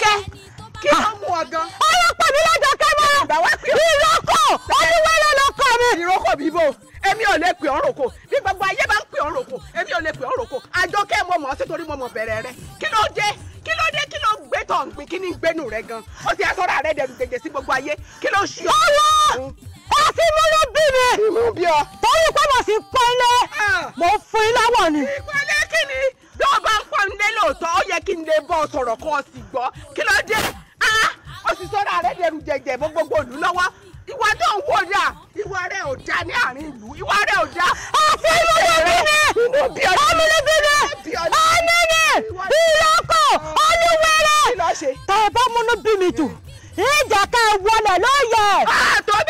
Àjọkẹ́ kí ló mú ọ gan. ọ̀rọ̀ pọ̀ mí lọ́jọ́kẹ́ mọ́ ìrókò olúwẹ̀rẹ̀ lọ́kọ mi. ìrókò bíbó èmi ò lè pè ọ́ roko bí gbogbo ayé bá ń pè ọ́ roko èmi ò lè pè ọ́ roko Àjọkẹ́ mo mọ̀ sí torí mo mọ̀ bẹ̀rẹ̀ rẹ kí ló dé kí ló dé kí ló gbé tọ̀ ń pin kí ni ń gbénu rẹ gan ó ti àsọ̀rọ̀ rẹ dẹ̀rù gègé sí gbogbo ayé kí ló ṣe ọ́. ọwọ́ ọtí mo ló bí mi torí pé mo sì pọ́nlé ah! mo fún yín láwọ̀ ni. ọ sọ̀rọ̀ kọ́ ọ sì gbọ́ kí ló dé ó sì sọ́ra rẹ̀ dẹrù jẹjẹ bó gbogbo òlú lọ́wọ́ ìwà tó ń wò dà ìwà rẹ̀ ò dá ní àárín ìlú ìwà rẹ̀ ò dá. àfi ìlú bí mi ọmọ mi bí mi ọmọ mi ìyọkọ bí mi jù ìjà ká wọlé ló àtọ́bí. Ah,